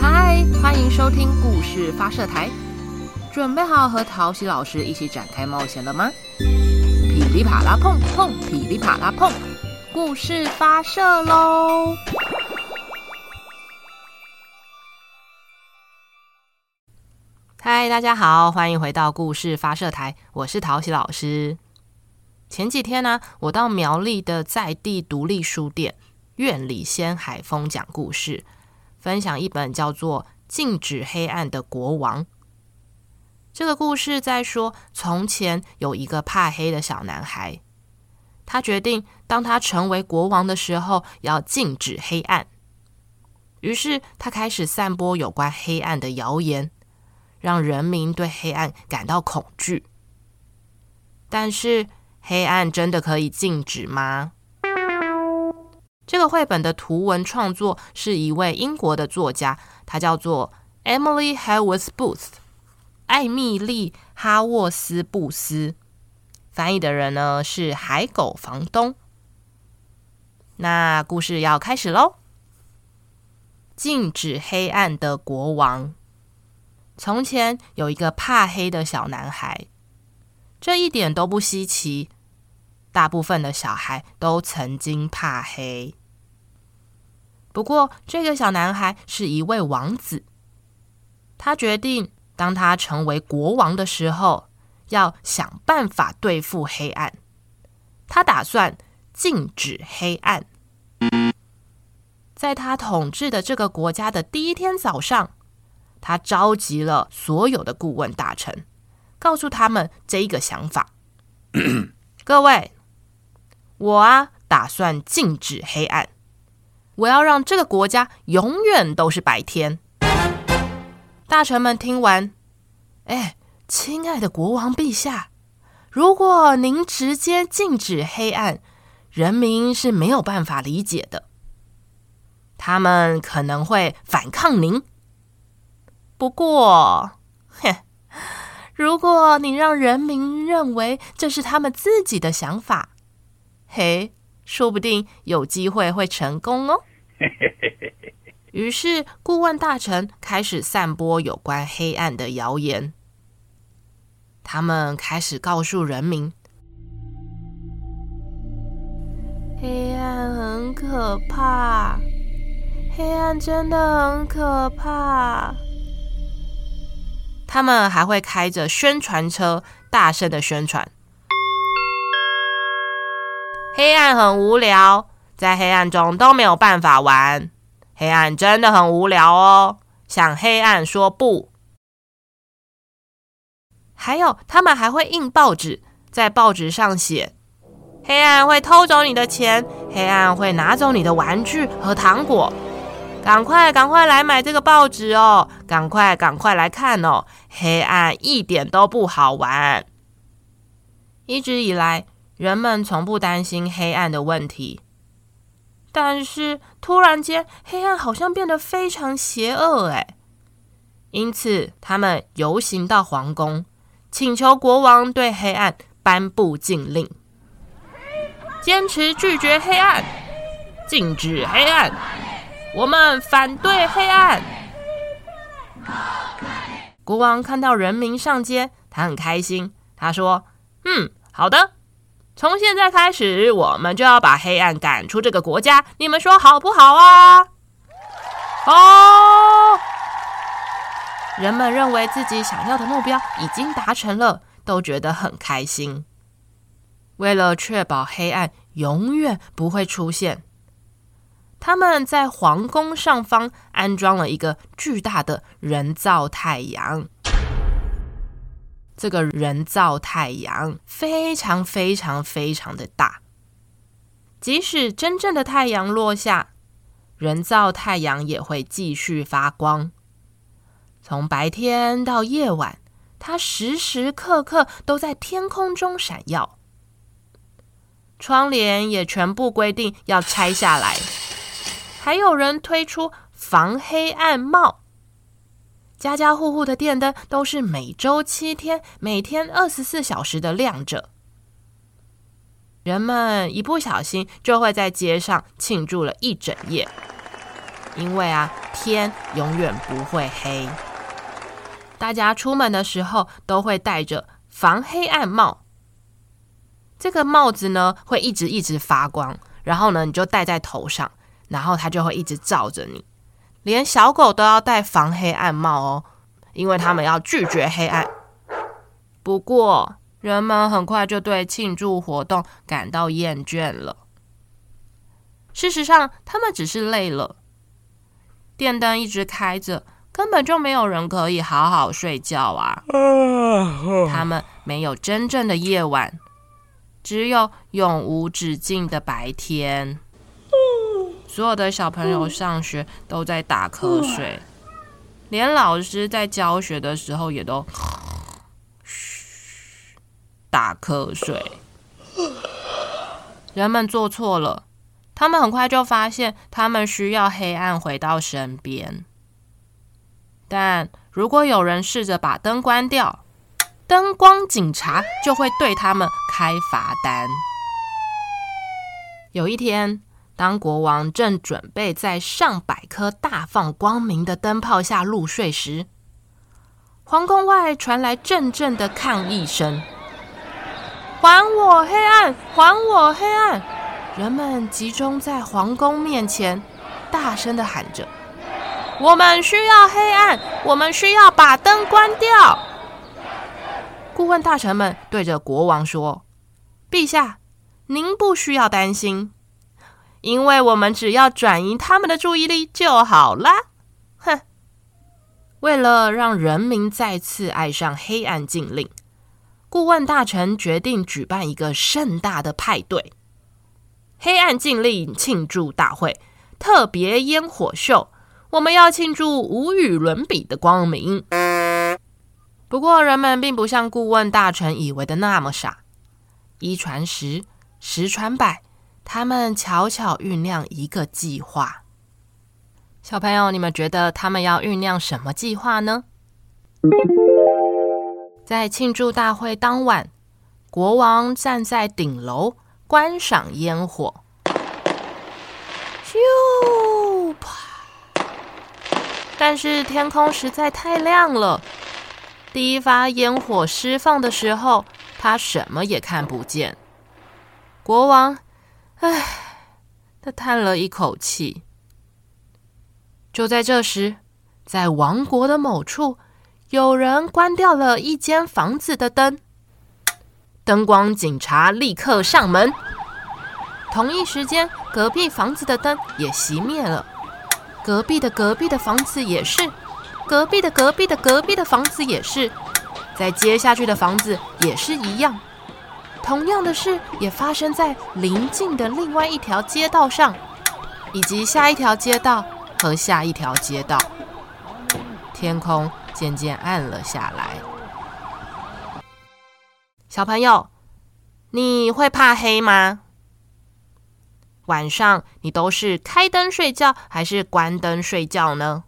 嗨，Hi，歡迎收聽故事發射台，準備好和陶氣老師一起展開冒險了嗎？噼里啪啦碰碰，噼里啪啦碰，故事發射嘍！嗨，大家好，歡迎回到故事發射台，我是陶氣老師。前幾天呢、啊，我到苗栗的在地獨立書店“苑裡掀海風”講故事。分享一本叫做《禁止黑暗的國王》。這個故事在說，從前有一個怕黑的小男孩，他決定當他成為國王的時候要禁止黑暗。於是他開始散播有關黑暗的謠言，讓人民對黑暗感到恐懼。但是，黑暗真的可以禁止嗎？這個繪本的圖文創作是一位英國的作家，他叫做 Emily Haworth Booth，艾米麗·哈沃斯·布斯。翻譯的人呢是海狗房東。那故事要開始嘍，《禁止黑暗的國王》。從前有一個怕黑的小男孩，這一點都不稀奇。大部分的小孩都曾經怕黑，不過這個小男孩是一位王子。他決定，當他成為國王的時候，要想辦法對付黑暗。他打算禁止黑暗。在他統治的這個國家的第一天早上，他召集了所有的顧問大臣，告訴他們這一個想法： 各位。我啊，打算禁止黑暗。我要讓這個國家永遠都是白天。大臣們聽完，哎，親愛的國王陛下，如果您直接禁止黑暗，人民是沒有辦法理解的，他們可能會反抗您。不過，嘿，如果你讓人民認為這是他們自己的想法，嘿，hey, 說不定有機會會成功哦。 於是，顧問大臣開始散播有關黑暗的謠言。他們開始告訴人民：黑暗很可怕，黑暗真的很可怕。他們還會開着宣傳車，大聲的宣傳。黑暗很無聊，在黑暗中都沒有辦法玩。黑暗真的很無聊哦，向黑暗說不。還有，他們還會印報紙，在報紙上寫：黑暗會偷走你的錢，黑暗會拿走你的玩具和糖果。趕快，趕快來買這個報紙哦！趕快，趕快來看哦！黑暗一點都不好玩。一直以來，人們從不擔心黑暗的問題，但是突然間，黑暗好像變得非常邪惡哎。因此，他們遊行到皇宮，請求國王對黑暗頒布禁令。堅持拒絕黑暗！禁止黑暗！我們反對黑暗！國王看到人民上街，他很開心，他說：“嗯，好的！”從現在開始，我們就要把黑暗趕出這個國家。你們說好不好啊？哦，人們認為自己想要的目標已經達成了，都覺得很開心。為了確保黑暗永遠不會出現，他們在皇宮上方安裝了一個巨大的人造太陽。這個人造太陽非常非常非常的大，即使真正的太陽落下，人造太陽也會繼續發光。從白天到夜晚，它時時刻刻都在天空中閃耀。窗簾也全部規定要拆下來，還有人推出防黑暗帽。家家戶戶的電燈都是每周七天、每天二十四小時的亮着人們一不小心就會在街上慶祝了一整夜，因為啊，天永遠不會黑。大家出門的時候都會戴着防黑暗帽，這個帽子呢會一直一直發光，然後呢你就戴在頭上，然後它就會一直照着你。連小狗都要戴防黑暗帽哦，因為他們要拒絕黑暗。不過，人們很快就對慶祝活動感到厭倦了。事實上，他們只是累了。電燈一直開着，根本就沒有人可以好好睡覺啊！ 他們沒有真正的夜晚，只有永無止境的白天。所有的小朋友上學都在打瞌睡，連老師在教學的時候也都噓打瞌睡。人們做錯了，他們很快就發現，他們需要黑暗回到身邊。但如果有人試着把燈關掉，燈光警察就會對他們開罰單。有一天，當國王正準備在上百顆大放光明的燈泡下入睡時，皇宮外傳來陣陣的抗議聲：“還我黑暗！還我黑暗！”人們集中在皇宮面前，大聲地喊着：“我們需要黑暗！我們需要把燈關掉！”顧問大臣們對着國王說：“陛下，您不需要擔心。”因為我們只要轉移他們的注意力就好啦。哼！為了讓人民再次愛上黑暗禁令，顧問大臣決定舉辦一個盛大的派對——黑暗禁令慶祝大會，特別煙火秀。我們要慶祝無與倫比的光明。不過，人們並不像顧問大臣以為的那麼傻。一傳十，十傳百。他們悄悄醞釀一個計劃。小朋友，你們覺得他們要醞釀什麼計劃呢？在慶祝大會當晚，國王站在頂樓觀賞煙火，咻啪！但是天空實在太亮了，第一發煙火釋放的時候，他什麼也看不見。國王。唉，他嘆了一口氣。就在這時，在王國的某處，有人關掉了一間房子的燈。燈光警察立刻上門。同一時間，隔壁房子的燈也熄滅了，隔壁的隔壁的房子也是，隔壁的隔壁的隔壁的房子也是，在接下去的房子也是一樣。同樣的事也發生在鄰近的另外一條街道上，以及下一條街道和下一條街道。天空漸漸暗了下來。小朋友，你會怕黑嗎？晚上你都是開燈睡覺還是關燈睡覺呢？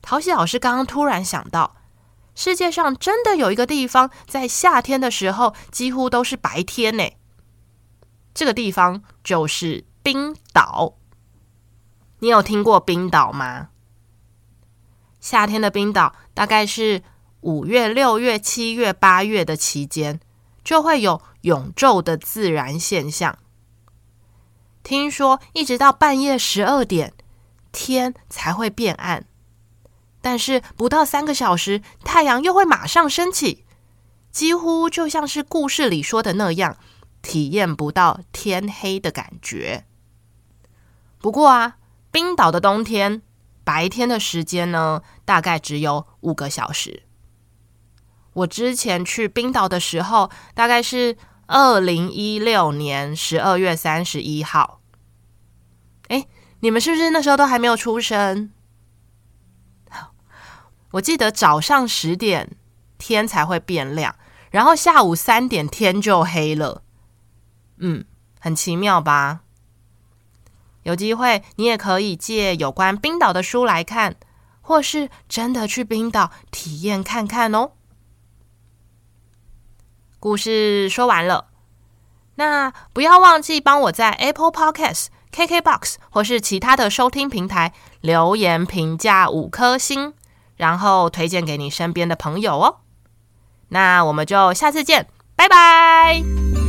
陶喜老師剛剛突然想到。世界上真的有一個地方，在夏天的時候幾乎都是白天呢。這個地方就是冰島。你有聽過冰島嗎？夏天的冰島大概是五月、六月、七月、八月的期間，就會有永晝的自然現象。聽說一直到半夜十二點，天才會變暗。但是不到三個小時，太陽又會馬上升起，幾乎就像是故事裡說的那樣，體驗不到天黑的感覺。不過啊，冰島的冬天，白天的時間呢，大概只有五個小時。我之前去冰島的時候，大概是二零一六年十二月三十一號。哎，你們是不是那時候都還沒有出生？我記得早上十點天才會變亮，然後下午三點天就黑了。嗯，很奇妙吧？有機會你也可以借有關冰島的書來看，或是真的去冰島體驗看看哦。故事說完了，那不要忘記幫我在 Apple Podcast、KKBox 或是其他的收聽平台留言評價五顆星。然後推薦給你身邊的朋友哦。那我們就下次見，拜拜。